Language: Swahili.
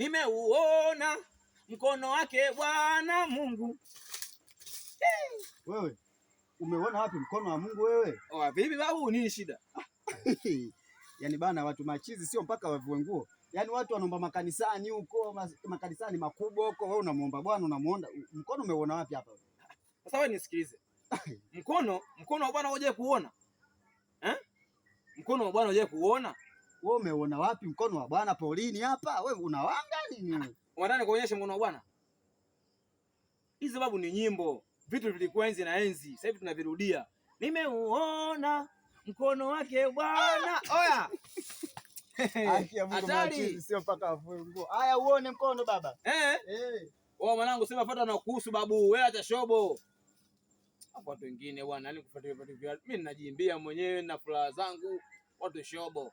nimeuona mkono wake Bwana Mungu. Hey. Wewe umeona wapi mkono wa Mungu wewe? Oh, vipi babu, nini shida? Yaani bana, watu machizi sio mpaka wavue nguo. Yaani watu wanaomba makanisani huko, makanisani makubwa huko, wewe unamuomba Bwana unamuona. Mkono umeuona wapi hapa? Sasa wewe nisikilize. Mkono, mkono wa Bwana unajua kuona? Eh? Mkono wa Bwana unajua kuona? wewe umeuona wapi mkono wa Bwana polini hapa? Wewe unawanga nini? Unataka kuonyesha mkono wa Bwana? Hizi babu ni nyimbo, vitu vilikuwa enzi na enzi, sasa hivi tunavirudia. Nimeuona mkono wake Bwana. Ah! Oya. Mungu mwachizi sio mpaka afue Haya uone mkono baba. Eh. Eh. Oh, mwanangu sema fuata na kuhusu babu, wewe acha shobo. Hapo watu wengine bwana, yani kufuatilia vitu vya mimi ninajiimbia mwenyewe na furaha zangu, watu shobo.